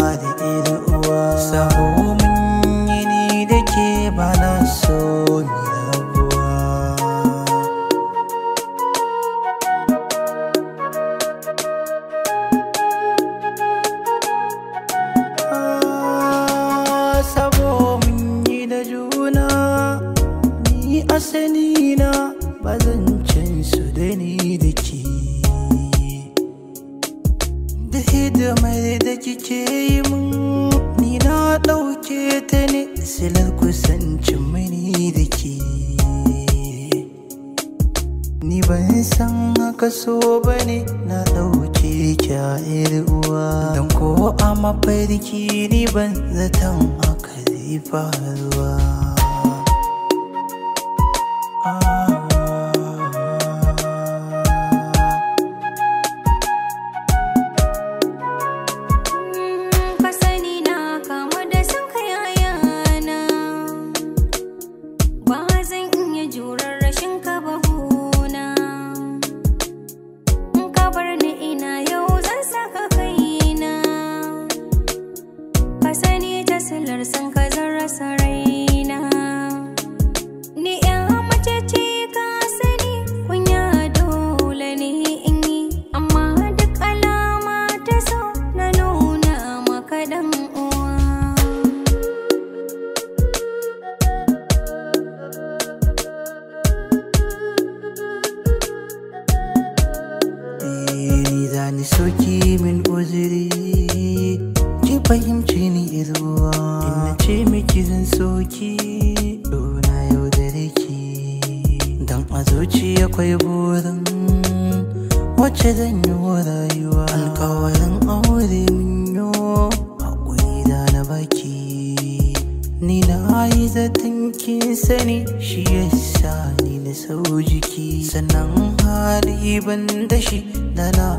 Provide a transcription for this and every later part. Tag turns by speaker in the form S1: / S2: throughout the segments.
S1: da iri uwa sabo mun yi ni da ke bana so mi ah, sabo mun yi da juna ni asali na bazan cin su da ni da hidimar da kike yi mun ni na ɗauke ta ne silar kusancin mani da ke ni ban san haka so ba ne na ɗauke kya uwa don ko a mafarki ni ban zaton haka zai faruwa bani soki min uzuri ki fahimci ni izuwa ina ce miki zan soki na yau da ki dan a zuciya kwai burin wacce zan yi wa rayuwa alkawarin aure min yo haƙuri da na baki ni na yi zaton kin sani shi yasa ni na sau jiki sannan hali ban da shi da na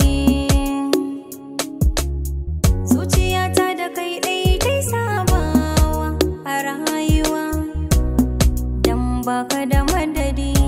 S2: baka da madadi